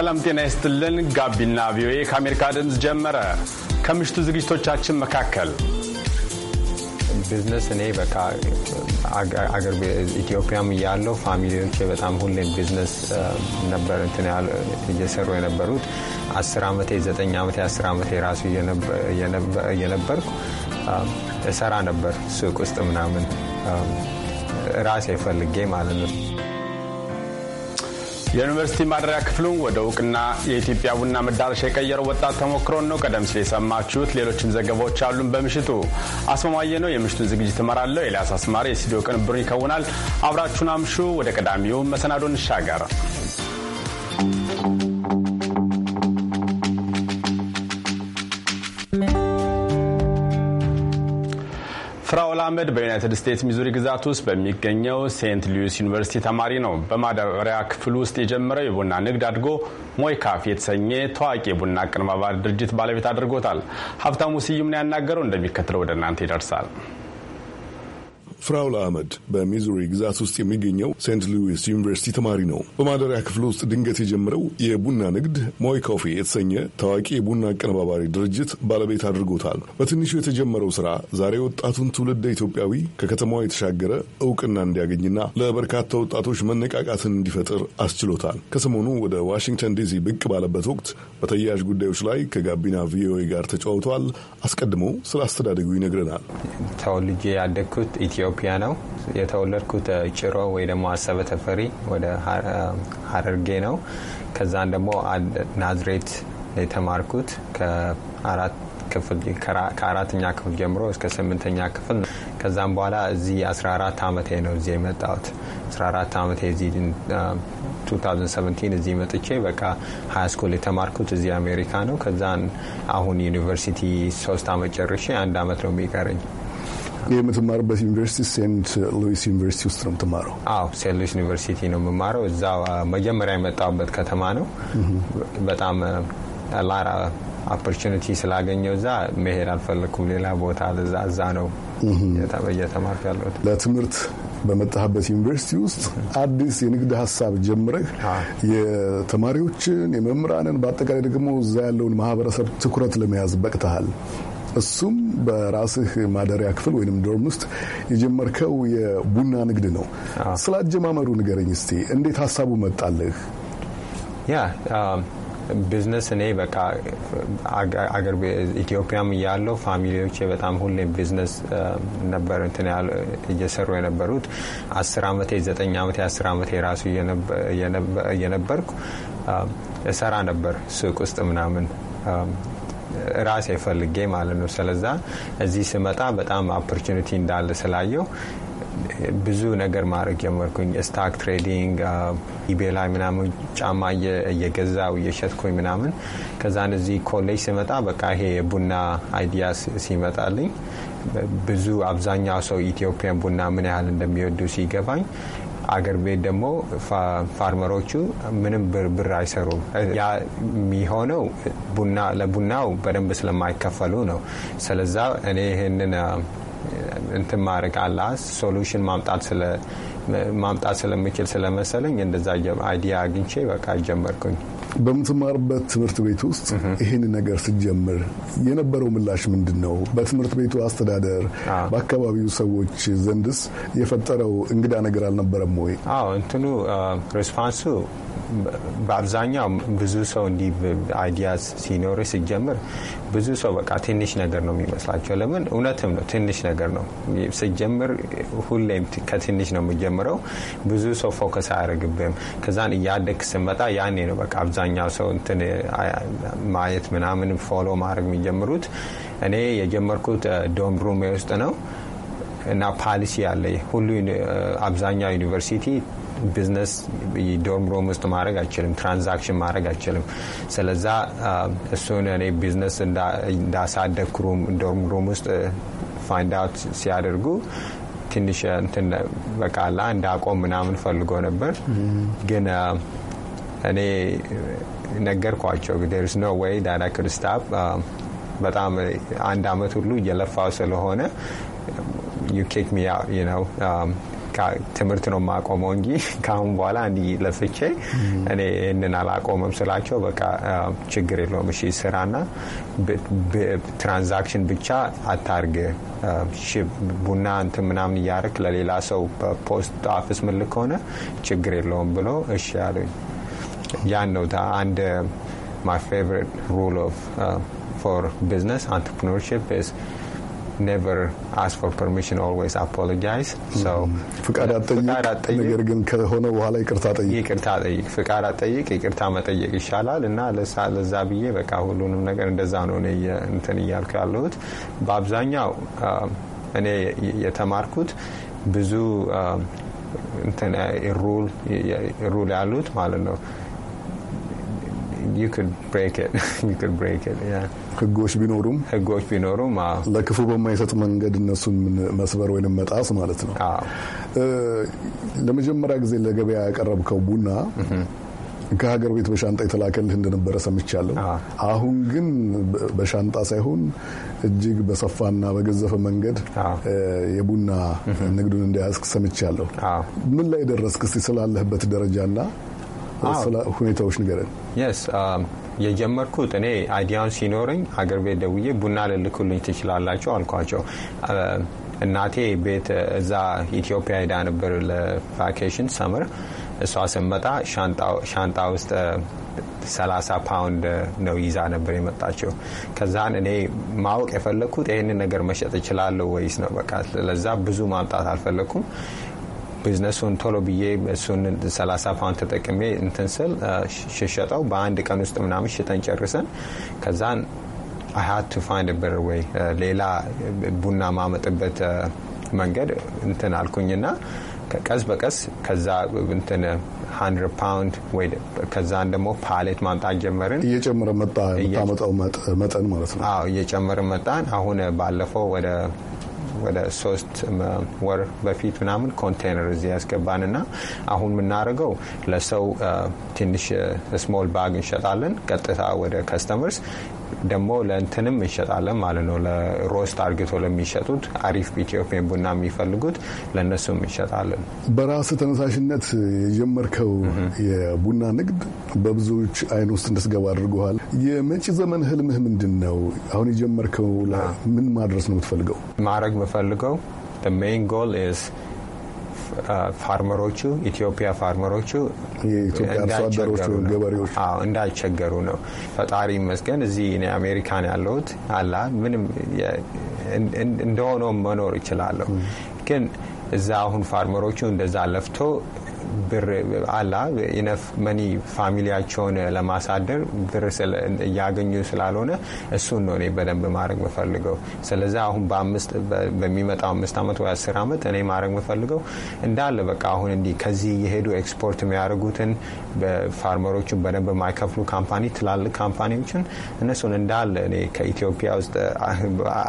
ሰላም ጤና ይስጥልን። ጋቢና ቪኦኤ ከአሜሪካ ድምፅ ጀመረ። ከምሽቱ ዝግጅቶቻችን መካከል ቢዝነስ እኔ በቃ አገር ኢትዮጵያም እያለው ፋሚሊዎች በጣም ሁሌም ቢዝነስ ነበር እንትን እየሰሩ የነበሩት አስር ዓመቴ ዘጠኝ ዓመቴ አስር ዓመቴ ራሱ እየነበርኩ እሰራ ነበር ሱቅ ውስጥ ምናምን ራሴ ፈልጌ ማለት ነው። የዩኒቨርሲቲ ማደሪያ ክፍሉን ወደ እውቅና የኢትዮጵያ ቡና መዳረሻ የቀየረው ወጣት ተሞክሮን ነው ቀደም ሲል የሰማችሁት። ሌሎችም ዘገባዎች አሉን። በምሽቱ አስማማየ ነው የምሽቱን ዝግጅት እመራለሁ። ኤልያስ አስማሪ የስቱዲዮ ቅንብሩን ይከውናል። አብራችሁን አምሹ። ወደ ቀዳሚው መሰናዶ እንሻገር። ፍራኦል አህመድ በዩናይትድ ስቴትስ ሚዙሪ ግዛት ውስጥ በሚገኘው ሴንት ሉዊስ ዩኒቨርሲቲ ተማሪ ነው። በማዳበሪያ ክፍል ውስጥ የጀመረው የቡና ንግድ አድጎ ሞይካፍ የተሰኘ ታዋቂ የቡና አቀነባባሪ ድርጅት ባለቤት አድርጎታል። ሀብታሙ ስዩምን ያናገረው፣ እንደሚከተለው ወደ እናንተ ይደርሳል። ፍራውል አህመድ በሚዙሪ ግዛት ውስጥ የሚገኘው ሴንት ሉዊስ ዩኒቨርሲቲ ተማሪ ነው። በማደሪያ ክፍል ውስጥ ድንገት የጀመረው የቡና ንግድ ሞይ ኮፊ የተሰኘ ታዋቂ የቡና አቀነባባሪ ድርጅት ባለቤት አድርጎታል። በትንሹ የተጀመረው ስራ ዛሬ ወጣቱን ትውልደ ኢትዮጵያዊ ከከተማዋ የተሻገረ እውቅና እንዲያገኝና ለበርካታ ወጣቶች መነቃቃትን እንዲፈጥር አስችሎታል። ከሰሞኑ ወደ ዋሽንግተን ዲሲ ብቅ ባለበት ወቅት በተያያዥ ጉዳዮች ላይ ከጋቢና ቪኦኤ ጋር ተጫውተዋል። አስቀድሞ ስለ አስተዳደጉ ይነግረናል። ተወልጄ ያደግኩት ኢትዮ ኢትዮጵያ ነው። የተወለድኩት ጭሮ ወይ ደግሞ አሰበ ተፈሪ ወደ ሀረርጌ ነው። ከዛን ደግሞ ናዝሬት የተማርኩት ከአራተኛ ክፍል ጀምሮ እስከ ስምንተኛ ክፍል ከዛም በኋላ እዚህ 14 ዓመቴ ነው እዚህ የመጣሁት። 14 ዓመቴ እዚህ 2017 እዚህ መጥቼ በቃ ሀያ ስኩል የተማርኩት እዚህ አሜሪካ ነው። ከዛን አሁን ዩኒቨርሲቲ ሶስት ዓመት ጨርሼ አንድ ዓመት ነው የሚቀረኝ። የምትማርበት ዩኒቨርሲቲ ሴንት ሉዊስ ዩኒቨርሲቲ ውስጥ ነው የምትማረው? አዎ ሴንት ሉዊስ ዩኒቨርሲቲ ነው የምማረው። እዛ መጀመሪያ የመጣሁበት ከተማ ነው። በጣም ላራ ኦፖርቹኒቲ ስላገኘው እዛ መሄድ አልፈለኩም። ሌላ ቦታ ለዛ እዛ ነው እየተማርኩ ያለሁት። ለትምህርት በመጣህበት ዩኒቨርሲቲ ውስጥ አዲስ የንግድ ሀሳብ ጀምረህ የተማሪዎችን፣ የመምህራንን በአጠቃላይ ደግሞ እዛ ያለውን ማህበረሰብ ትኩረት ለመያዝ በቅተሃል። እሱም በራስህ ማደሪያ ክፍል ወይም ዶርም ውስጥ የጀመርከው የቡና ንግድ ነው። ስለ አጀማመሩ ንገረኝ እስቲ። እንዴት ሀሳቡ መጣልህ? ያ ቢዝነስ እኔ በቃ አገር ኢትዮጵያም እያለሁ ፋሚሊዎቼ በጣም ሁሌም ቢዝነስ ነበር እንትን ያለ እየሰሩ የነበሩት አስር አመቴ ዘጠኝ አመቴ አስር አመቴ ራሱ እየነበርኩ እሰራ ነበር ሱቅ ውስጥ ምናምን ራሴ ፈልጌ ማለት ነው። ስለዛ እዚህ ስመጣ በጣም ኦፖርቹኒቲ እንዳለ ስላየው ብዙ ነገር ማድረግ ጀመርኩኝ። ስታክ ትሬዲንግ ኢቤ ላይ ምናምን ጫማ እየገዛው እየሸጥኩኝ ምናምን። ከዛን እዚህ ኮሌጅ ስመጣ በቃ ይሄ የቡና አይዲያ ሲመጣልኝ ብዙ አብዛኛው ሰው ኢትዮጵያን ቡና ምን ያህል እንደሚወዱ ሲገባኝ አገር ቤት ደግሞ ፋርመሮቹ ምንም ብር አይሰሩም። ያ የሚሆነው ቡና ለቡናው በደንብ ስለማይከፈሉ ነው። ስለዛ እኔ ይህንን እንትን ማድረግ አላ ሶሉሽን ማምጣት ማምጣት ስለምችል ስለመሰለኝ እንደዛ አይዲያ አግኝቼ በቃ ጀመርኩኝ። በምትማርበት ትምህርት ቤት ውስጥ ይህን ነገር ስትጀምር የነበረው ምላሽ ምንድን ነው? በትምህርት ቤቱ አስተዳደር፣ በአካባቢው ሰዎች ዘንድስ የፈጠረው እንግዳ ነገር አልነበረም ወይ? አዎ እንትኑ ሬስፖንሱ በአብዛኛው ብዙ ሰው እንዲህ አይዲያ ሲኖር ሲጀምር ብዙ ሰው በቃ ትንሽ ነገር ነው የሚመስላቸው። ለምን እውነትም ነው ትንሽ ነገር ነው ስጀምር፣ ሁሌም ከትንሽ ነው የምጀምረው። ብዙ ሰው ፎከስ አያደርግብም። ከዛን እያደግ ስመጣ ያኔ ነው በቃ አብዛኛው ሰው እንትን ማየት ምናምን ፎሎ ማድረግ የሚጀምሩት እኔ የጀመርኩት ዶምሩም ውስጥ ነው እና ፓሊሲ አለ ሁሉ አብዛኛው ዩኒቨርሲቲ ቢዝነስ ዶርም ሮም ውስጥ ማድረግ አይችልም፣ ትራንዛክሽን ማድረግ አይችልም። ስለዛ እሱን እኔ ቢዝነስ እንዳሳደግኩ ዶርም ሮም ውስጥ ፋይንድ አውት ሲያደርጉ ትንሽ በቃላ እንዳቆም ምናምን ፈልጎ ነበር ግን እኔ ነገርኳቸው ርስ ኖ ወይ ዳዳ ክድስታፕ በጣም አንድ አመት ሁሉ እየለፋው ስለሆነ ዩ ኬክ ሚ ነው ትምህርት ነው የማቆመው እንጂ ከአሁን በኋላ እንዲ ለፍቼ hmm. እኔ ይህንን አላቆመም ስላቸው፣ በቃ um, ችግር የለውም እሺ፣ ስራ ና ትራንዛክሽን ብቻ አታርግ፣ um, ቡና እንትን ምናምን እያርክ ለሌላ ሰው በፖስት ኦፊስ ምልክ ሆነ ችግር የለውም ብሎ እሺ አሉኝ። ያን ነው አንድ ማይ ፌቨሪት ሩል ኦፍ ፎር ቢዝነስ አንትርፕኖርሽፕ ኢዝ ኔቨር አስ ፎር ፐርሚሽን ኦልዌይስ አፖሎጃይዝ ፍቃድ አጠይቅ፣ ነገር ግን ከሆነ በኋላ ይቅርታ ጠይቅ። ይቅርታ ጠይቅ፣ ፍቃድ አጠይቅ፣ ይቅርታ መጠየቅ ይሻላል እና ለዛ ብዬ በቃ ሁሉንም ነገር እንደዛ ነው ነ እንትን እያልኩ ያለሁት። በአብዛኛው እኔ የተማርኩት ብዙ ሩል ያሉት ማለት ነው ህጎች ቢኖሩም ህጎች ቢኖሩም ለክፉ በማይሰጥ መንገድ እነሱን መስበር ወይም መጣስ ማለት ነው። ለመጀመሪያ ጊዜ ለገበያ ያቀረብከው ቡና ከሀገር ቤት በሻንጣ የተላከልህ እንደነበረ ሰምቻለሁ። አሁን ግን በሻንጣ ሳይሆን እጅግ በሰፋና በገዘፈ መንገድ የቡና ንግዱን እንዲያስክ ሰምቻለሁ። ምን ላይ ደረስክ? እስቲ ስላለህበት ደረጃና ስለ ሁኔታዎች ንገረን። የስ um, የጀመርኩት እኔ አይዲያውን ሲኖረኝ አገር ቤት ደውዬ ቡና ልልኩልኝ ትችላላቸው አልኳቸው። uh, እናቴ ቤት እዛ ኢትዮጵያ ሄዳ ነበር ለቫኬሽን ሰምር። እሷ ስመጣ ሻንጣ ውስጥ 30 uh, ፓውንድ ነው ይዛ ነበር የመጣቸው። ከዛን እኔ ማወቅ የፈለግኩት ይህንን ነገር መሸጥ እችላለሁ ወይስ ነው። በቃ ለዛ ብዙ ማምጣት አልፈለግኩም። ቢዝነሱን ቶሎ ብዬ እሱን 30 ፓውንድ ተጠቅሜ እንትን ስል ሽሸጠው በአንድ ቀን ውስጥ ምናምን ሽጠን ጨርሰን ከዛን አይ ሀድ ቱ ፋይንድ ብር ወይ ሌላ ቡና ማመጥበት መንገድ እንትን አልኩኝና ቀስ በቀስ ከዛ እንትን ሀንድረድ ፓውንድ ወይ ከዛን ደግሞ ፓሌት ማምጣት ጀመርን። እየጨመረ መጣ የምታመጣው መጠን ማለት ነው። አዎ እየጨመረ መጣን። አሁን ባለፈው ወደ ወደ ሶስት ወር በፊት ምናምን ኮንቴነር እዚህ ያስገባን ና አሁን የምናደርገው ለሰው ትንሽ ስሞል ባግ እንሸጣለን። ቀጥታ ወደ ከስተመርስ ደግሞ ለእንትንም እንሸጣለን ማለት ነው። ለሮስት አርግቶ ለሚሸጡት አሪፍ ኢትዮጵያን ቡና የሚፈልጉት ለእነሱም እንሸጣለን። በራስ ተነሳሽነት የጀመርከው የቡና ንግድ በብዙዎች አይን ውስጥ እንድትገባ አድርገዋል። የመጪ ዘመን ህልምህ ምንድን ነው? አሁን የጀመርከው ምን ማድረስ ነው የምትፈልገው? ማድረግ የምፈልገው ሜን ጎል ፋርመሮቹ uh, ኢትዮጵያ ፋርመሮቹ ገበሬዎቹ እንዳይቸገሩ ነው። ፈጣሪ መስገን እዚህ እኔ አሜሪካን ያለሁት አላ ምንም እንደሆነው መኖር ይችላለሁ። ግን እዛ አሁን ፋርመሮቹ እንደዛ ለፍቶ ብር አላ ኢነፍ መኒ ፋሚሊያቸውን ለማሳደር ብር እያገኙ ስላልሆነ እሱን ነው እኔ በደንብ ማድረግ የምፈልገው። ስለዚህ አሁን በሚመጣው አምስት ዓመት ወይ አስር ዓመት እኔ ማድረግ የምፈልገው እንዳለ በቃ አሁን እንዲህ ከዚህ የሄዱ ኤክስፖርት የሚያደርጉትን ፋርመሮችን በደንብ የማይከፍሉ ካምፓኒ ትላልቅ ካምፓኒዎችን እነሱን እንዳለ እኔ ከኢትዮጵያ ውስጥ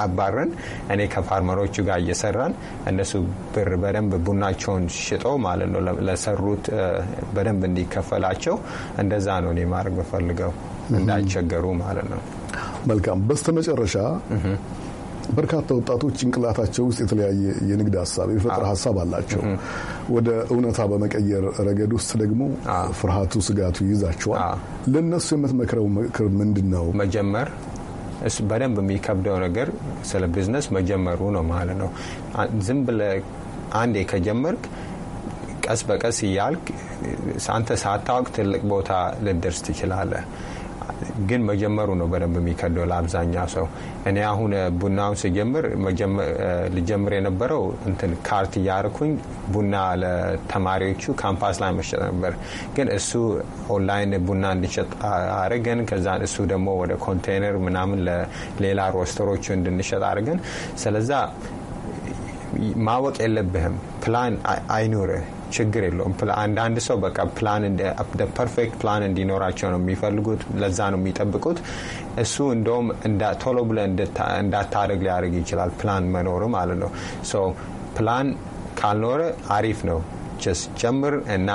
አባረን እኔ ከፋርመሮቹ ጋር እየሰራን እነሱ ብር በደንብ ቡናቸውን ሽጦ ማለት ነው ለሰሩት በደንብ እንዲከፈላቸው እንደዛ ነው እኔ ማድረግ የምፈልገው እንዳይቸገሩ ማለት ነው። መልካም። በስተመጨረሻ በርካታ ወጣቶች ጭንቅላታቸው ውስጥ የተለያየ የንግድ ሀሳብ የፈጠራ ሀሳብ አላቸው። ወደ እውነታ በመቀየር ረገድ ውስጥ ደግሞ ፍርሃቱ፣ ስጋቱ ይይዛቸዋል። ለእነሱ የምትመክረው ምክር ምንድን ነው? መጀመር በደንብ የሚከብደው ነገር ስለ ቢዝነስ መጀመሩ ነው ማለት ነው። ዝም ብለ አንዴ ከጀመርክ ቀስ በቀስ እያልክ አንተ ሳታውቅ ትልቅ ቦታ ልደርስ ትችላለህ። ግን መጀመሩ ነው በደንብ የሚከደው ለአብዛኛው ሰው። እኔ አሁን ቡናውን ስጀምር ልጀምር የነበረው እንትን ካርት እያርኩኝ ቡና ለተማሪዎቹ ካምፓስ ላይ መሸጥ ነበር። ግን እሱ ኦንላይን ቡና እንድሸጥ አድርገን ከዛ እሱ ደግሞ ወደ ኮንቴነር ምናምን ለሌላ ሮስተሮቹ እንድንሸጥ አድርገን ስለዛ ማወቅ የለብህም ፕላን አይኑርህ ችግር የለውም። አንዳንድ ሰው በቃ ፕላን ፐርፌክት ፕላን እንዲኖራቸው ነው የሚፈልጉት፣ ለዛ ነው የሚጠብቁት። እሱ እንደውም ቶሎ ብለ እንዳታደርግ ሊያደርግ ይችላል፣ ፕላን መኖሩ ማለት ነው። ሶ ፕላን ካልኖረ አሪፍ ነው። ጀስት ጀምር እና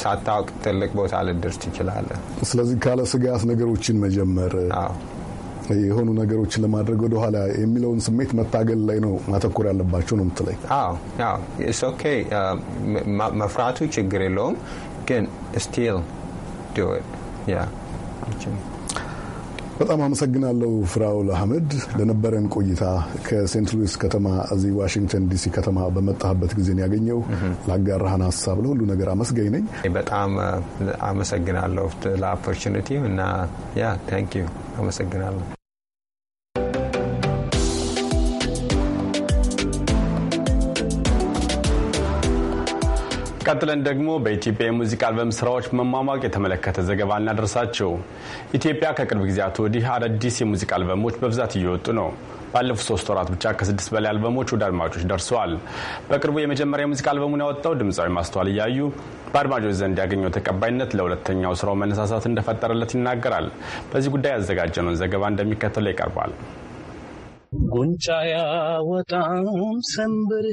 ሳታውቅ ትልቅ ቦታ ልደርስ ትችላለህ። ስለዚህ ካለ ስጋት ነገሮችን መጀመር የሆኑ ነገሮችን ለማድረግ ወደኋላ የሚለውን ስሜት መታገል ላይ ነው ማተኮር ያለባቸው ነው የምትለኝ? ኦኬ uh, መፍራቱ ችግር የለውም ግን ስቲል በጣም አመሰግናለሁ ፍራውል አህመድ ለነበረን ቆይታ። ከሴንት ሉዊስ ከተማ እዚህ ዋሽንግተን ዲሲ ከተማ በመጣህበት ጊዜ ነው ያገኘው ላጋራህን ሀሳብ ለሁሉ ነገር አመስጋኝ ነኝ። በጣም አመሰግናለሁ ለኦፖርቹኒቲ እና ያ ታንክ ዩ አመሰግናለሁ። ቀጥለን ደግሞ በኢትዮጵያ የሙዚቃ አልበም ስራዎች መሟሟቅ የተመለከተ ዘገባ እናደርሳቸው። ኢትዮጵያ ከቅርብ ጊዜያት ወዲህ አዳዲስ የሙዚቃ አልበሞች በብዛት እየወጡ ነው። ባለፉት ሶስት ወራት ብቻ ከስድስት በላይ አልበሞች ወደ አድማጮች ደርሰዋል። በቅርቡ የመጀመሪያ የሙዚቃ አልበሙን ያወጣው ድምፃዊ ማስተዋል እያዩ በአድማጮች ዘንድ ያገኘው ተቀባይነት ለሁለተኛው ስራው መነሳሳት እንደፈጠረለት ይናገራል። በዚህ ጉዳይ ያዘጋጀነውን ዘገባ እንደሚከተለው ይቀርባል። ጉንጫ ያወጣም ሰንብር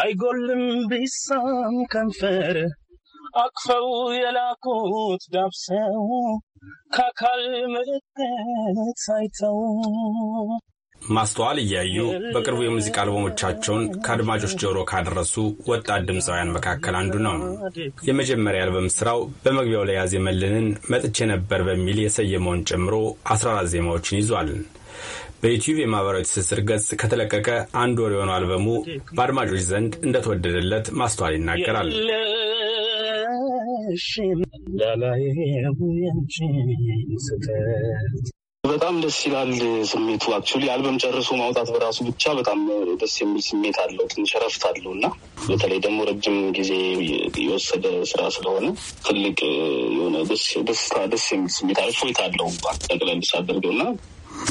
አይጎልም ቢሳም ከንፈር አቅፈው የላኩት ዳብሰው ከአካል ምልክት ሳይተው ማስተዋል እያዩ በቅርቡ የሙዚቃ አልበሞቻቸውን ከአድማጮች ጆሮ ካደረሱ ወጣት ድምፃውያን መካከል አንዱ ነው። የመጀመሪያ አልበም ስራው በመግቢያው ላይ ያዜመልንን መጥቼ ነበር በሚል የሰየመውን ጨምሮ 14 ዜማዎችን ይዟል። በዩቲዩብ የማህበራዊ ትስስር ገጽ ከተለቀቀ አንድ ወር የሆነው አልበሙ በአድማጮች ዘንድ እንደተወደደለት ማስተዋል ይናገራል። በጣም ደስ ይላል ስሜቱ። አክቹዋሊ አልበም ጨርሶ ማውጣት በራሱ ብቻ በጣም ደስ የሚል ስሜት አለው። ትንሽ እረፍት አለው እና በተለይ ደግሞ ረጅም ጊዜ የወሰደ ስራ ስለሆነ ትልቅ የሆነ ደስ የሚል ስሜት አለው። ፎይት አለው ጠቅላይ ሳደርገው እና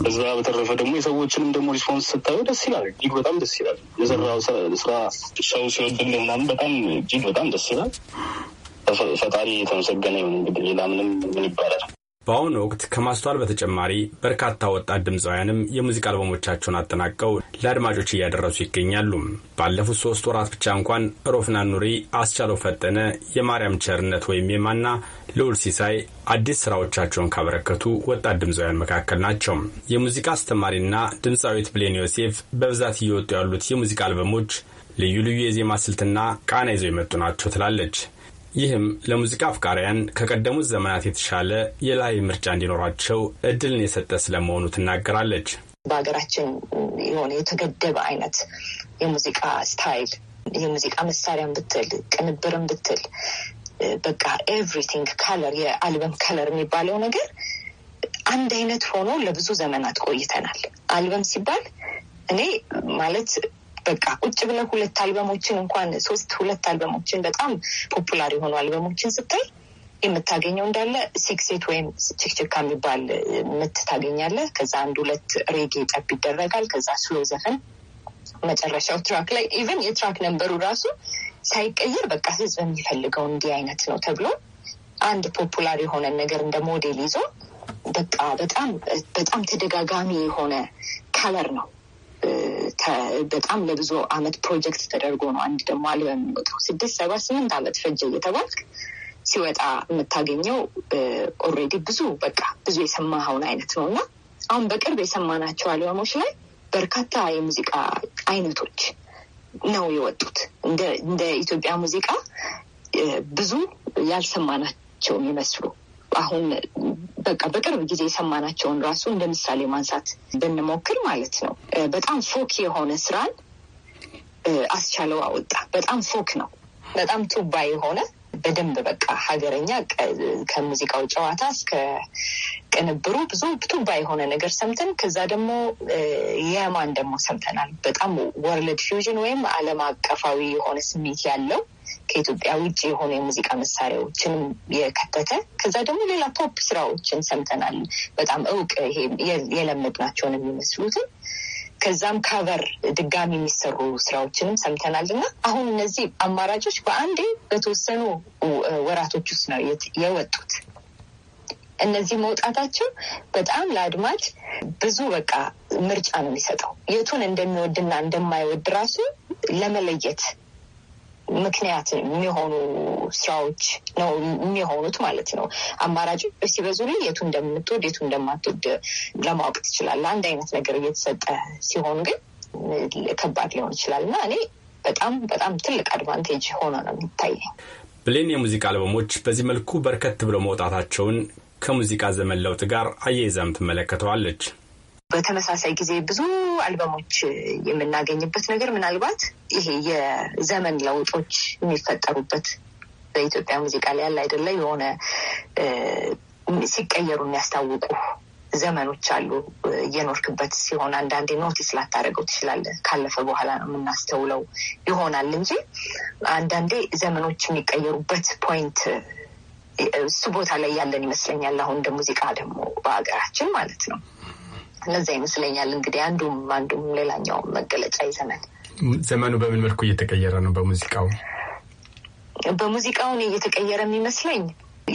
እዛ በተረፈ ደግሞ የሰዎችንም ደግሞ ሪስፖንስ ስታዩ ደስ ይላል። እጅግ በጣም ደስ ይላል። የሰራው ስራ ሰው ሲወድል ምናምን በጣም እጅግ በጣም ደስ ይላል። ፈጣሪ የተመሰገነ ይሁን። እንግዲህ ሌላ ምንም ምን ይባላል። በአሁኑ ወቅት ከማስተዋል በተጨማሪ በርካታ ወጣት ድምፃውያንም የሙዚቃ አልበሞቻቸውን አጠናቀው ለአድማጮች እያደረሱ ይገኛሉ። ባለፉት ሶስት ወራት ብቻ እንኳን ሮፍና ኑሪ፣ አስቻለው ፈጠነ፣ የማርያም ቸርነት ወይም የማና ልዑል ሲሳይ አዲስ ስራዎቻቸውን ካበረከቱ ወጣት ድምፃውያን መካከል ናቸው። የሙዚቃ አስተማሪና ድምፃዊት ብሌን ዮሴፍ በብዛት እየወጡ ያሉት የሙዚቃ አልበሞች ልዩ ልዩ የዜማ ስልትና ቃና ይዘው የመጡ ናቸው ትላለች። ይህም ለሙዚቃ አፍቃሪያን ከቀደሙት ዘመናት የተሻለ የላይ ምርጫ እንዲኖራቸው እድልን የሰጠ ስለመሆኑ ትናገራለች። በሀገራችን የሆነ የተገደበ አይነት የሙዚቃ ስታይል የሙዚቃ መሳሪያን ብትል ቅንብርን ብትል በቃ ኤቭሪቲንግ ከለር የአልበም ከለር የሚባለው ነገር አንድ አይነት ሆኖ ለብዙ ዘመናት ቆይተናል። አልበም ሲባል እኔ ማለት በቃ ቁጭ ብለ ሁለት አልበሞችን እንኳን ሶስት ሁለት አልበሞችን በጣም ፖፑላር የሆኑ አልበሞችን ስታይ የምታገኘው እንዳለ ሲክሴት ወይም ችክችካ የሚባል ምት ታገኛለ ከዛ አንድ ሁለት ሬጌ ጠብ ይደረጋል። ከዛ ስሎ ዘፈን መጨረሻው ትራክ ላይ ኢቨን የትራክ ነንበሩ ራሱ ሳይቀየር በቃ ህዝብ የሚፈልገው እንዲህ አይነት ነው ተብሎ አንድ ፖፑላር የሆነ ነገር እንደ ሞዴል ይዞ በቃ በጣም በጣም ተደጋጋሚ የሆነ ከለር ነው በጣም ለብዙ አመት ፕሮጀክት ተደርጎ ነው አንድ ደግሞ አልበም የሚወጣው። ስድስት ሰባት ስምንት አመት ፈጀ እየተባልክ ሲወጣ የምታገኘው ኦሬዲ ብዙ በቃ ብዙ የሰማኸውን አይነት ነው እና አሁን በቅርብ የሰማናቸው አልበሞች ላይ በርካታ የሙዚቃ አይነቶች ነው የወጡት። እንደ ኢትዮጵያ ሙዚቃ ብዙ ያልሰማናቸው የሚመስሉ አሁን በቃ በቅርብ ጊዜ የሰማናቸውን ራሱ እንደ ምሳሌ ማንሳት ብንሞክር ማለት ነው። በጣም ፎክ የሆነ ስራን አስቻለው አወጣ። በጣም ፎክ ነው። በጣም ቱባ የሆነ በደንብ በቃ ሀገረኛ ከሙዚቃው ጨዋታ እስከ ቅንብሩ ብዙ ቱባ የሆነ ነገር ሰምተን ከዛ ደግሞ የማን ደግሞ ሰምተናል። በጣም ወርልድ ፊውዥን ወይም ዓለም አቀፋዊ የሆነ ስሜት ያለው ከኢትዮጵያ ውጭ የሆኑ የሙዚቃ መሳሪያዎችንም የከተተ ከዛ ደግሞ ሌላ ፖፕ ስራዎችን ሰምተናል። በጣም እውቅ የለመድናቸውን የሚመስሉትን ከዛም ካቨር ድጋሚ የሚሰሩ ስራዎችንም ሰምተናል እና አሁን እነዚህ አማራጮች በአንዴ በተወሰኑ ወራቶች ውስጥ ነው የወጡት። እነዚህ መውጣታቸው በጣም ለአድማጭ ብዙ በቃ ምርጫ ነው የሚሰጠው የቱን እንደሚወድና እንደማይወድ ራሱ ለመለየት ምክንያት የሚሆኑ ስራዎች ነው የሚሆኑት ማለት ነው። አማራጮች ሲበዙ ላይ የቱ እንደምትወድ የቱ እንደማትወድ ለማወቅ ትችላለ። አንድ አይነት ነገር እየተሰጠ ሲሆን ግን ከባድ ሊሆን ይችላል እና እኔ በጣም በጣም ትልቅ አድቫንቴጅ ሆኖ ነው የሚታየኝ። ብሌን የሙዚቃ አልበሞች በዚህ መልኩ በርከት ብለው መውጣታቸውን ከሙዚቃ ዘመን ለውጥ ጋር አያይዛም ትመለከተዋለች። በተመሳሳይ ጊዜ ብዙ አልበሞች የምናገኝበት ነገር ምናልባት ይሄ የዘመን ለውጦች የሚፈጠሩበት በኢትዮጵያ ሙዚቃ ላይ ያለ አይደለ የሆነ ሲቀየሩ የሚያስታውቁ ዘመኖች አሉ። እየኖርክበት ሲሆን አንዳንዴ ኖቲስ ላታደርገው ትችላለህ። ካለፈ በኋላ ነው የምናስተውለው ይሆናል እንጂ አንዳንዴ ዘመኖች የሚቀየሩበት ፖይንት እሱ ቦታ ላይ ያለን ይመስለኛል። አሁን እንደ ሙዚቃ ደግሞ በሀገራችን ማለት ነው እነዚ ይመስለኛል እንግዲህ አንዱም አንዱም ሌላኛው መገለጫ ይዘናል። ዘመኑ በምን መልኩ እየተቀየረ ነው? በሙዚቃው በሙዚቃውን እየተቀየረ የሚመስለኝ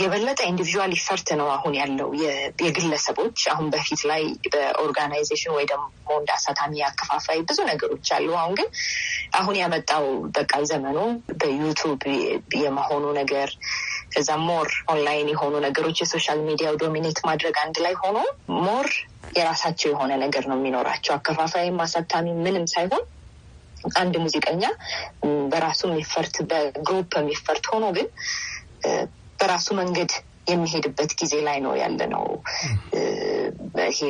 የበለጠ ኢንዲቪዥዋል ኢፈርት ነው አሁን ያለው የግለሰቦች። አሁን በፊት ላይ በኦርጋናይዜሽን ወይ ደግሞ እንደ አሳታሚ አከፋፋይ ብዙ ነገሮች አሉ። አሁን ግን አሁን ያመጣው በቃ ዘመኑ በዩቱብ የመሆኑ ነገር ከዛ ሞር ኦንላይን የሆኑ ነገሮች የሶሻል ሚዲያው ዶሚኔት ማድረግ አንድ ላይ ሆኖ ሞር የራሳቸው የሆነ ነገር ነው የሚኖራቸው። አከፋፋይም አሳታሚ ምንም ሳይሆን አንድ ሙዚቀኛ በራሱ የሚፈርት በግሩፕ የሚፈርት ሆኖ ግን በራሱ መንገድ የሚሄድበት ጊዜ ላይ ነው ያለ ነው። ይሄ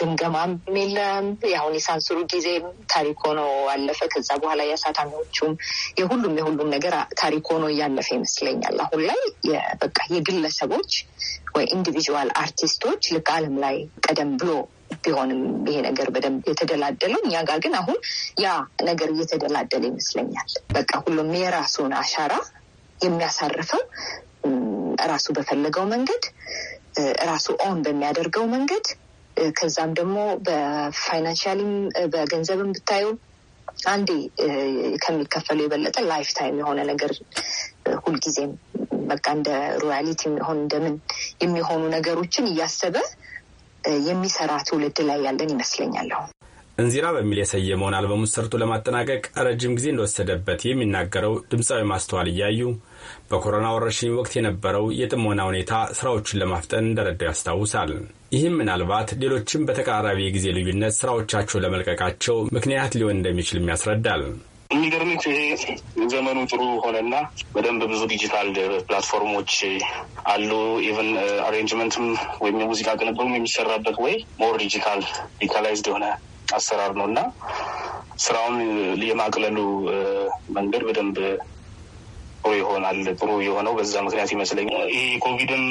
ግምገማም የለም። የአሁን የሳንሱሩ ጊዜ ታሪክ ሆኖ አለፈ። ከዛ በኋላ የአሳታሚዎቹም የሁሉም የሁሉም ነገር ታሪክ ሆኖ እያለፈ ይመስለኛል። አሁን ላይ በቃ የግለሰቦች ወይ ኢንዲቪዥዋል አርቲስቶች ልክ ዓለም ላይ ቀደም ብሎ ቢሆንም ይሄ ነገር በደንብ የተደላደለው እኛ ጋር ግን አሁን ያ ነገር እየተደላደለ ይመስለኛል። በቃ ሁሉም የራሱን አሻራ የሚያሳርፈው ራሱ በፈለገው መንገድ ራሱ ኦን በሚያደርገው መንገድ ከዛም ደግሞ በፋይናንሻሊም በገንዘብም ብታየው አንዴ ከሚከፈሉ የበለጠ ላይፍ ታይም የሆነ ነገር ሁልጊዜም በቃ እንደ ሮያሊቲ የሚሆን እንደምን የሚሆኑ ነገሮችን እያሰበ የሚሰራ ትውልድ ላይ ያለን ይመስለኛለሁ። እንዚራ በሚል የሰየመውን አልበሙን ሰርቶ ለማጠናቀቅ ረጅም ጊዜ እንደወሰደበት የሚናገረው ድምፃዊ ማስተዋል እያዩ በኮሮና ወረርሽኝ ወቅት የነበረው የጥሞና ሁኔታ ስራዎቹን ለማፍጠን እንደረዳው ያስታውሳል። ይህም ምናልባት ሌሎችም በተቀራራቢ የጊዜ ልዩነት ስራዎቻቸውን ለመልቀቃቸው ምክንያት ሊሆን እንደሚችልም ያስረዳል። የሚገርምት ይሄ ዘመኑ ጥሩ ሆነና በደንብ ብዙ ዲጂታል ፕላትፎርሞች አሉ። ኢቨን አሬንጅመንትም ወይም የሙዚቃ ቅንብሩም የሚሰራበት ወይ ሞር ዲጂታል ዲጂታላይዝድ የሆነ አሰራር ነው እና ስራውን የማቅለሉ መንገድ በደንብ ጥሩ ይሆናል። ጥሩ የሆነው በዛ ምክንያት ይመስለኛል። ይህ ኮቪድም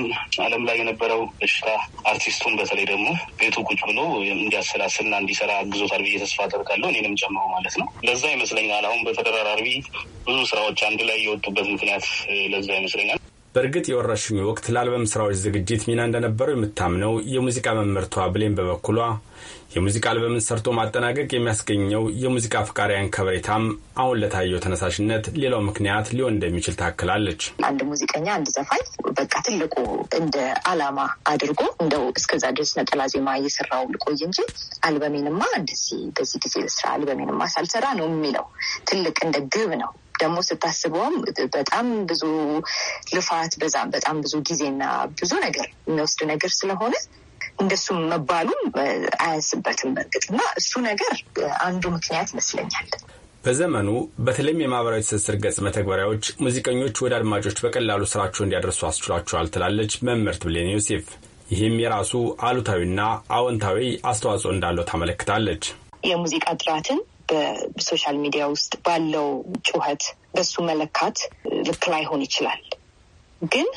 ዓለም ላይ የነበረው በሽታ አርቲስቱን በተለይ ደግሞ ቤቱ ቁጭ ብሎ እንዲያሰላስልና እንዲሰራ አግዞታል ብዬ ተስፋ አደርጋለሁ። እኔንም ጨምሮ ማለት ነው። ለዛ ይመስለኛል አሁን በተደራራቢ ብዙ ስራዎች አንድ ላይ የወጡበት ምክንያት ለዛ ይመስለኛል። በእርግጥ የወረርሽኙ ወቅት ለአልበም ስራዎች ዝግጅት ሚና እንደነበረው የምታምነው የሙዚቃ መምህርቷ ብሌን በበኩሏ የሙዚቃ አልበምን ሰርቶ ማጠናቀቅ የሚያስገኘው የሙዚቃ አፍቃሪያን ከበሬታም አሁን ለታየው ተነሳሽነት ሌላው ምክንያት ሊሆን እንደሚችል ታክላለች። አንድ ሙዚቀኛ፣ አንድ ዘፋኝ በቃ ትልቁ እንደ አላማ አድርጎ እንደው እስከዛ ድረስ ነጠላ ዜማ እየሰራው ልቆይ እንጂ አልበሜንማ እንደዚህ በዚህ ጊዜ ስራ አልበሜንማ ሳልሰራ ነው የሚለው ትልቅ እንደ ግብ ነው ደግሞ ስታስበውም በጣም ብዙ ልፋት በዛም በጣም ብዙ ጊዜና ብዙ ነገር የሚወስድ ነገር ስለሆነ እንደሱም መባሉም አያንስበትም። በእርግጥ እና እሱ ነገር አንዱ ምክንያት ይመስለኛል። በዘመኑ በተለይም የማህበራዊ ትስስር ገጽ መተግበሪያዎች ሙዚቀኞች ወደ አድማጮች በቀላሉ ስራቸው እንዲያደርሱ አስችሏቸዋል ትላለች መምህርት ብሌን ዮሴፍ። ይህም የራሱ አሉታዊና አዎንታዊ አስተዋጽኦ እንዳለው ታመለክታለች። የሙዚቃ ጥራትን በሶሻል ሚዲያ ውስጥ ባለው ጩኸት በሱ መለካት ልክ ላይሆን ይችላል። ግን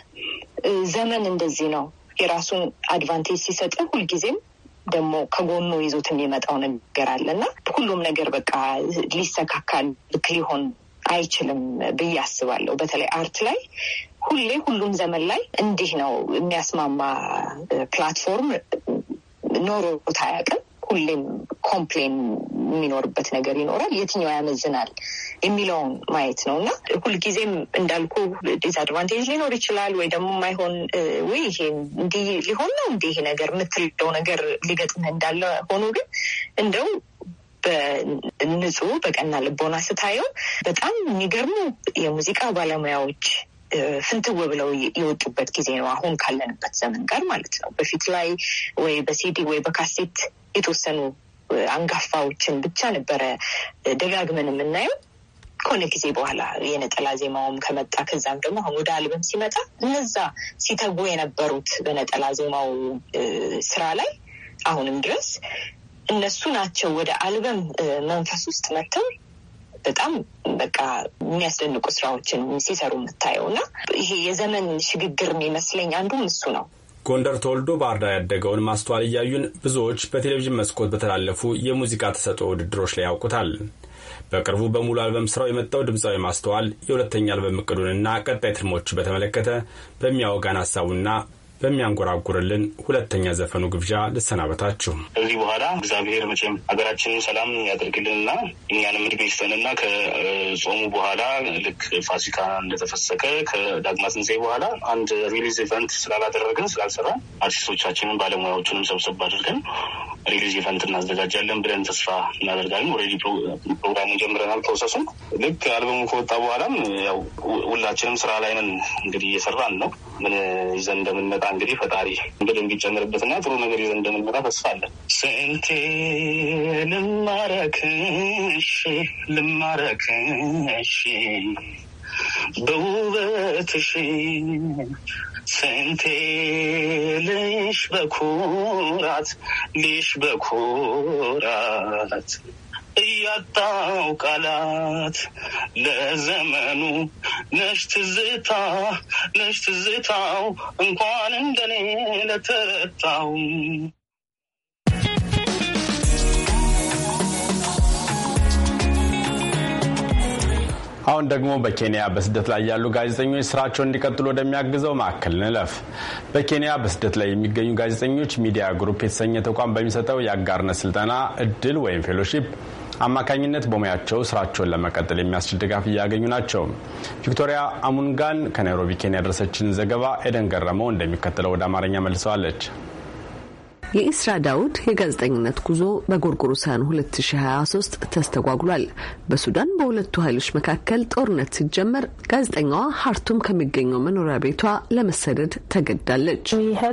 ዘመን እንደዚህ ነው። የራሱን አድቫንቴጅ ሲሰጥ ሁልጊዜም ደግሞ ከጎኑ ይዞት የሚመጣው ነገር አለ እና ሁሉም ነገር በቃ ሊስተካከል ልክ ሊሆን አይችልም ብዬ አስባለሁ። በተለይ አርት ላይ ሁሌ ሁሉም ዘመን ላይ እንዲህ ነው የሚያስማማ ፕላትፎርም ኖሮት አያውቅም። ሁሌም ኮምፕሌን የሚኖርበት ነገር ይኖራል። የትኛው ያመዝናል የሚለውን ማየት ነው እና ሁልጊዜም እንዳልኩ ዲስአድቫንቴጅ ሊኖር ይችላል ወይ ደግሞ የማይሆን ወይ ይሄ እንዲህ ሊሆን ነው እንዲህ ይሄ ነገር የምትልደው ነገር ሊገጥምህ እንዳለ ሆኖ ግን እንደው በንጹህ በቀና ልቦና ስታየው በጣም የሚገርሙ የሙዚቃ ባለሙያዎች ፍንትው ብለው የወጡበት ጊዜ ነው። አሁን ካለንበት ዘመን ጋር ማለት ነው። በፊት ላይ ወይ በሲዲ ወይ በካሴት የተወሰኑ አንጋፋዎችን ብቻ ነበረ ደጋግመን የምናየው። ከሆነ ጊዜ በኋላ የነጠላ ዜማውም ከመጣ ከዛም ደግሞ አሁን ወደ አልበም ሲመጣ እነዛ ሲተጉ የነበሩት በነጠላ ዜማው ስራ ላይ አሁንም ድረስ እነሱ ናቸው ወደ አልበም መንፈስ ውስጥ መጥተው በጣም በቃ የሚያስደንቁ ስራዎችን ሲሰሩ የምታየው እና ይሄ የዘመን ሽግግር የሚመስለኝ አንዱም እሱ ነው። ጎንደር ተወልዶ ባህር ዳር ያደገውን ማስተዋል እያዩን ብዙዎች በቴሌቪዥን መስኮት በተላለፉ የሙዚቃ ተሰጥኦ ውድድሮች ላይ ያውቁታል። በቅርቡ በሙሉ አልበም ስራው የመጣው ድምፃዊ ማስተዋል የሁለተኛ አልበም እቅዱንና ቀጣይ ትልሞቹ በተመለከተ በሚያወጋን ሀሳቡና በሚያንጎራጉርልን ሁለተኛ ዘፈኑ ግብዣ ልሰናበታችሁ። ከዚህ በኋላ እግዚአብሔር መቼም ሀገራችንን ሰላም ያደርግልንና እኛንም እድሜ ይስጠንና ከጾሙ በኋላ ልክ ፋሲካ እንደተፈሰቀ ከዳግማ ትንሣኤ በኋላ አንድ ሪሊዝ ኢቨንት ስላላደረግን ስላልሰራ አርቲስቶቻችንን ባለሙያዎቹንም ሰብሰብ አድርገን ሪሊዝ ኢቨንት እናዘጋጃለን ብለን ተስፋ እናደርጋለን። ኦልሬዲ ፕሮግራሙን ጀምረናል። ፕሮሰሱን ልክ አልበሙ ከወጣ በኋላም ያው ሁላችንም ስራ ላይ ነን እንግዲህ እየሰራን ነው። ምን ይዘን እንደምንመጣ እንግዲህ ፈጣሪ እንግዲህ እንዲጨምርበትና ጥሩ ነገር ይዘን እንደምንመጣ ተስፋ አለን። ስንቴ ልማረክሽ ልማረክሽ በውበትሽ ስንቴ ልሽ በኩራት ልሽ በኩራት እያጣው ቃላት ለዘመኑ ነሽ ትዝታ ነሽ ትዝታው እንኳን እንደኔ ለተረታው አሁን ደግሞ በኬንያ በስደት ላይ ያሉ ጋዜጠኞች ስራቸውን እንዲቀጥሉ ወደሚያግዘው ማዕከል ንለፍ። በኬንያ በስደት ላይ የሚገኙ ጋዜጠኞች ሚዲያ ግሩፕ የተሰኘ ተቋም በሚሰጠው የአጋርነት ስልጠና እድል ወይም ፌሎሺፕ አማካኝነት በሙያቸው ስራቸውን ለመቀጠል የሚያስችል ድጋፍ እያገኙ ናቸው። ቪክቶሪያ አሙንጋን ከናይሮቢ ኬንያ ያደረሰችን ዘገባ ኤደን ገረመው እንደሚከተለው ወደ አማርኛ መልሰዋለች። የኢስራ ዳውድ የጋዜጠኝነት ጉዞ በጎርጎሮሳውያን 2023 ተስተጓጉሏል። በሱዳን በሁለቱ ኃይሎች መካከል ጦርነት ሲጀመር ጋዜጠኛዋ ሀርቱም ከሚገኘው መኖሪያ ቤቷ ለመሰደድ ተገዳለች። uh,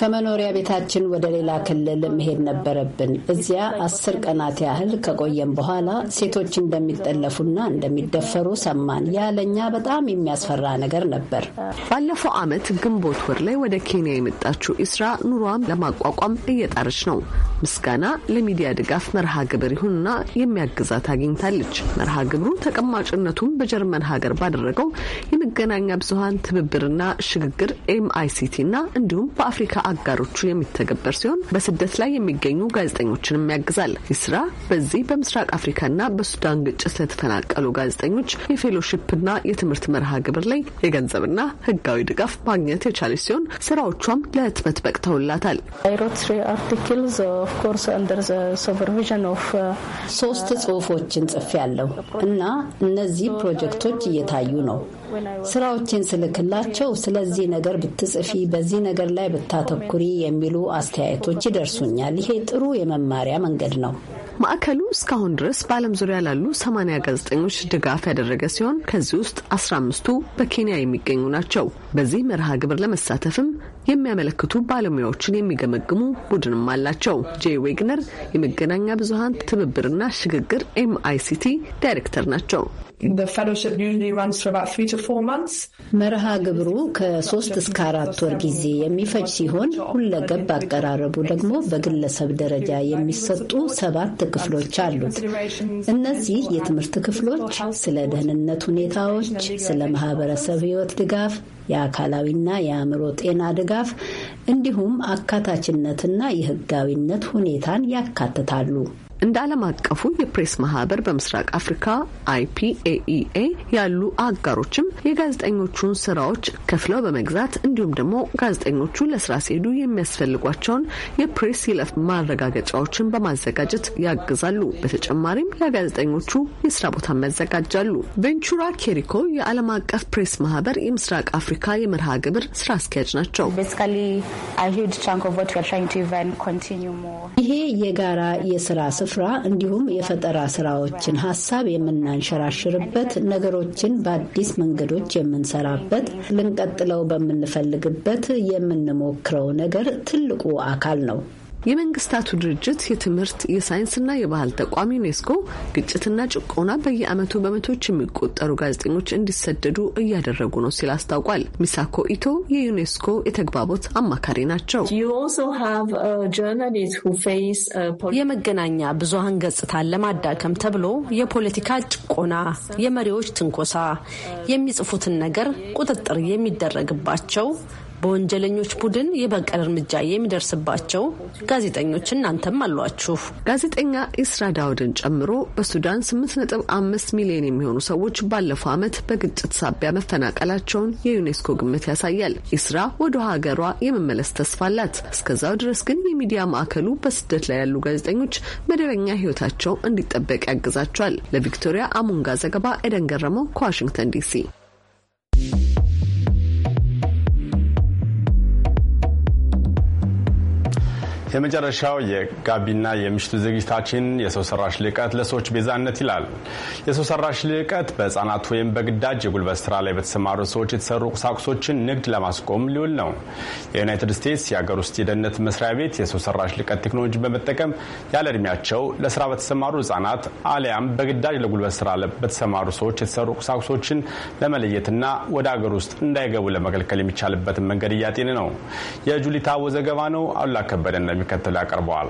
ከመኖሪያ ቤታችን ወደ ሌላ ክልል መሄድ ነበረብን። እዚያ አስር ቀናት ያህል ከቆየም በኋላ ሴቶች እንደሚጠለፉና እንደሚደፈሩ ሰማን። ያለኛ በጣም የሚያስፈራ ነገር ነበር። ባለፈው ዓመት ግንቦት ወር ላይ ወደ ኬንያ የመጣችው ኢስራ ኑሯን ለማቋቋም እየጣረች ነው። ምስጋና ለሚዲያ ድጋፍ መርሃ ግብር ይሁንና የሚያግዛት አግኝታለች። መርሃ ግብሩ ተቀማጭነቱን በጀርመን ሀገር ባደረገው የመገናኛ ብዙሀን ትብብርና ሽግግር ኤምአይሲቲ እንዲሁም በአፍሪካ አጋሮቹ የሚተገበር ሲሆን በስደት ላይ የሚገኙ ጋዜጠኞችንም ያግዛል። ኢስራ በዚህ በምስራቅ አፍሪካና በሱዳን ግጭት ለተፈናቀሉ ጋዜጠኞች የፌሎሺፕና የትምህርት መርሃ ግብር ላይ የገንዘብና ህጋዊ ድጋፍ ማግኘት የቻለች ሲሆን ስራዎቿም ለህትመት በቅተውላታል። uh, uh, ሶስት ጽሁፎችን ጽፌያለሁ እና እነዚህ ፕሮጀክቶች እየታዩ ነው። ስራዎችን ስልክላቸው ስለዚህ ነገር ብትጽፊ፣ በዚህ ነገር ላይ ብታተኩሪ የሚሉ አስተያየቶች ይደርሱኛል። ይሄ ጥሩ የመማሪያ መንገድ ነው። ማዕከሉ እስካሁን ድረስ በዓለም ዙሪያ ላሉ ሰማንያ ጋዜጠኞች ድጋፍ ያደረገ ሲሆን ከዚህ ውስጥ አስራ አምስቱ በኬንያ የሚገኙ ናቸው። በዚህ መርሃ ግብር ለመሳተፍም የሚያመለክቱ ባለሙያዎችን የሚገመግሙ ቡድንም አላቸው። ጄ ዌግነር የመገናኛ ብዙሀን ትብብርና ሽግግር ኤምአይሲቲ ዳይሬክተር ናቸው። መርሃ ግብሩ ከሶስት እስከ አራት ወር ጊዜ የሚፈጅ ሲሆን ሁለገብ አቀራረቡ ደግሞ በግለሰብ ደረጃ የሚሰጡ ሰባት ክፍሎች አሉት። እነዚህ የትምህርት ክፍሎች ስለ ደህንነት ሁኔታዎች፣ ስለ ማህበረሰብ ህይወት ድጋፍ፣ የአካላዊና የአእምሮ ጤና ድጋፍ እንዲሁም አካታችነትና የህጋዊነት ሁኔታን ያካትታሉ። እንደ ዓለም አቀፉ የፕሬስ ማህበር በምስራቅ አፍሪካ አይፒኤኢኤ e ያሉ አጋሮችም የጋዜጠኞቹን ስራዎች ከፍለው በመግዛት እንዲሁም ደግሞ ጋዜጠኞቹ ለስራ ሲሄዱ የሚያስፈልጓቸውን የፕሬስ ይለፍ ማረጋገጫዎችን በማዘጋጀት ያግዛሉ። በተጨማሪም ለጋዜጠኞቹ የስራ ቦታ ያዘጋጃሉ። ቬንቹራ ኬሪኮ የዓለም አቀፍ ፕሬስ ማህበር የምስራቅ አፍሪካ የመርሃ ግብር ስራ አስኪያጅ ናቸው። ይሄ የጋራ የስራ ስፍ ስፍራ እንዲሁም የፈጠራ ስራዎችን ሀሳብ የምናንሸራሽርበት፣ ነገሮችን በአዲስ መንገዶች የምንሰራበት፣ ልንቀጥለው በምንፈልግበት የምንሞክረው ነገር ትልቁ አካል ነው። የመንግስታቱ ድርጅት የትምህርት የሳይንስና የባህል ተቋም ዩኔስኮ ግጭትና ጭቆና በየዓመቱ በመቶዎች የሚቆጠሩ ጋዜጠኞች እንዲሰደዱ እያደረጉ ነው ሲል አስታውቋል። ሚሳኮ ኢቶ የዩኔስኮ የተግባቦት አማካሪ ናቸው። uh, የመገናኛ ብዙሃን ገጽታን ለማዳከም ተብሎ የፖለቲካ ጭቆና፣ የመሪዎች ትንኮሳ፣ የሚጽፉትን ነገር ቁጥጥር የሚደረግባቸው በወንጀለኞች ቡድን የበቀል እርምጃ የሚደርስባቸው ጋዜጠኞች እናንተም አሏችሁ። ጋዜጠኛ ኢስራ ዳውድን ጨምሮ በሱዳን 8.5 ሚሊዮን የሚሆኑ ሰዎች ባለፈው ዓመት በግጭት ሳቢያ መፈናቀላቸውን የዩኔስኮ ግምት ያሳያል። ኢስራ ወደ ሀገሯ የመመለስ ተስፋ አላት። እስከዛው ድረስ ግን የሚዲያ ማዕከሉ በስደት ላይ ያሉ ጋዜጠኞች መደበኛ ሕይወታቸው እንዲጠበቅ ያግዛቸዋል። ለቪክቶሪያ አሙንጋ ዘገባ ኤደን ገረመው ከዋሽንግተን ዲሲ የመጨረሻው የጋቢና የምሽቱ ዝግጅታችን የሰው ሰራሽ ልቀት ለሰዎች ቤዛነት ይላል። የሰው ሰራሽ ልቀት በህጻናት ወይም በግዳጅ የጉልበት ስራ ላይ በተሰማሩ ሰዎች የተሰሩ ቁሳቁሶችን ንግድ ለማስቆም ሊውል ነው። የዩናይትድ ስቴትስ የሀገር ውስጥ የደህንነት መስሪያ ቤት የሰው ሰራሽ ልቀት ቴክኖሎጂ በመጠቀም ያለ እድሜያቸው ለስራ በተሰማሩ ህጻናት አሊያም በግዳጅ ለጉልበት ስራ በተሰማሩ ሰዎች የተሰሩ ቁሳቁሶችን ለመለየትና ወደ ሀገር ውስጥ እንዳይገቡ ለመከልከል የሚቻልበትን መንገድ እያጤን ነው። የጁሊታ ወዘገባ ነው። አሉላ ከበደ እንደሚከተል ያቀርበዋል።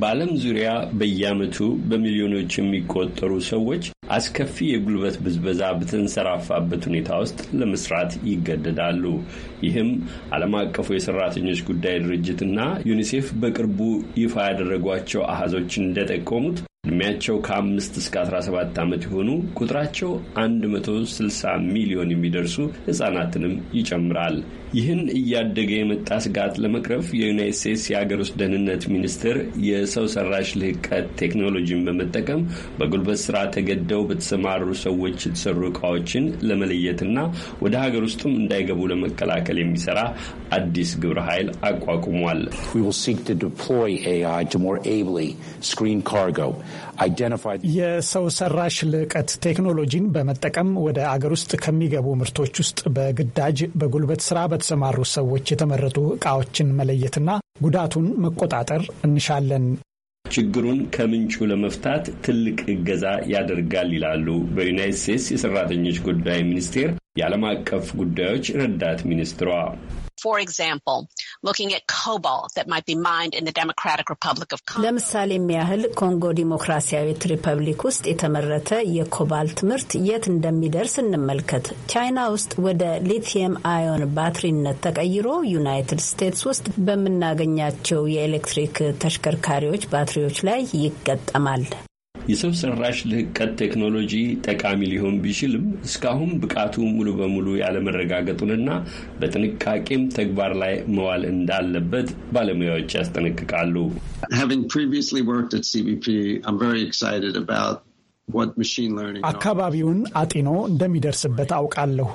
በዓለም ዙሪያ በየዓመቱ በሚሊዮኖች የሚቆጠሩ ሰዎች አስከፊ የጉልበት ብዝበዛ በተንሰራፋበት ሁኔታ ውስጥ ለመስራት ይገደዳሉ። ይህም ዓለም አቀፉ የሰራተኞች ጉዳይ ድርጅት እና ዩኒሴፍ በቅርቡ ይፋ ያደረጓቸው አሃዞችን እንደጠቆሙት እድሜያቸው ከአምስት እስከ 17 ዓመት የሆኑ ቁጥራቸው 160 ሚሊዮን የሚደርሱ ሕፃናትንም ይጨምራል። ይህን እያደገ የመጣ ስጋት ለመቅረፍ የዩናይት ስቴትስ የአገር ውስጥ ደህንነት ሚኒስቴር የሰው ሰራሽ ልህቀት ቴክኖሎጂን በመጠቀም በጉልበት ስራ ተገደው በተሰማሩ ሰዎች የተሰሩ እቃዎችን ለመለየትና ወደ ሀገር ውስጥም እንዳይገቡ ለመከላከል የሚሰራ አዲስ ግብረ ኃይል አቋቁሟል። የሰው ሰራሽ ልዕቀት ቴክኖሎጂን በመጠቀም ወደ አገር ውስጥ ከሚገቡ ምርቶች ውስጥ በግዳጅ በጉልበት ስራ በተሰማሩ ሰዎች የተመረጡ እቃዎችን መለየትና ጉዳቱን መቆጣጠር እንሻለን። ችግሩን ከምንጩ ለመፍታት ትልቅ እገዛ ያደርጋል ይላሉ በዩናይት ስቴትስ የሰራተኞች ጉዳይ ሚኒስቴር የዓለም አቀፍ ጉዳዮች ረዳት ሚኒስትሯ For example, looking at cobalt that might be mined in the Democratic Republic of Congo. ለምሳሌ የሚያህል ኮንጎ ዲሞክራሲያዊት ሪፐብሊክ ውስጥ የተመረተ የኮባልት ምርት የት እንደሚደርስ እንመልከት። ቻይና ውስጥ ወደ ሊቲየም አዮን ባትሪነት ተቀይሮ ዩናይትድ ስቴትስ ውስጥ በምናገኛቸው የኤሌክትሪክ ተሽከርካሪዎች ባትሪዎች ላይ ይገጠማል። የሰው ሰራሽ ልህቀት ቴክኖሎጂ ጠቃሚ ሊሆን ቢችልም እስካሁን ብቃቱ ሙሉ በሙሉ ያለመረጋገጡንና በጥንቃቄም ተግባር ላይ መዋል እንዳለበት ባለሙያዎች ያስጠነቅቃሉ። Having previously worked at CBP, I'm very excited about አካባቢውን አጢኖ እንደሚደርስበት አውቃለሁ።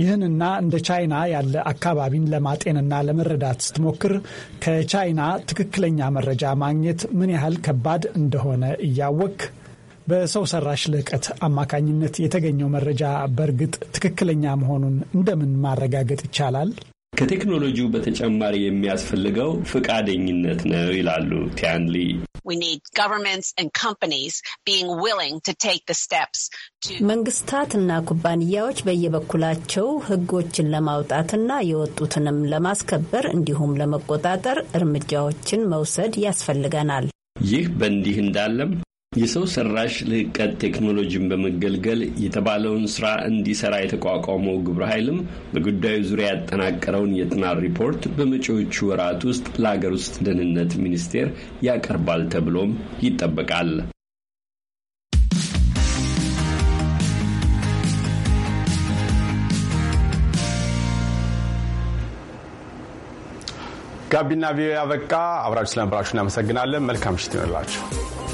ይህንና እንደ ቻይና ያለ አካባቢን ለማጤንና ለመረዳት ስትሞክር ከቻይና ትክክለኛ መረጃ ማግኘት ምን ያህል ከባድ እንደሆነ እያወቅ በሰው ሰራሽ ልዕቀት አማካኝነት የተገኘው መረጃ በእርግጥ ትክክለኛ መሆኑን እንደምን ማረጋገጥ ይቻላል? ከቴክኖሎጂው በተጨማሪ የሚያስፈልገው ፈቃደኝነት ነው ይላሉ ቲያንሊ። መንግስታትና ኩባንያዎች በየበኩላቸው ህጎችን ለማውጣትና የወጡትንም ለማስከበር እንዲሁም ለመቆጣጠር እርምጃዎችን መውሰድ ያስፈልገናል። ይህ በእንዲህ እንዳለም የሰው ሰራሽ ልህቀት ቴክኖሎጂን በመገልገል የተባለውን ስራ እንዲሰራ የተቋቋመው ግብረ ኃይልም በጉዳዩ ዙሪያ ያጠናቀረውን የጥናት ሪፖርት በመጪዎቹ ወራት ውስጥ ለአገር ውስጥ ደህንነት ሚኒስቴር ያቀርባል ተብሎም ይጠበቃል። ጋቢና ቪኦኤ ያበቃ። አብራችሁ ስለነበራችሁ እናመሰግናለን። መልካም ምሽት ይሆንላችሁ።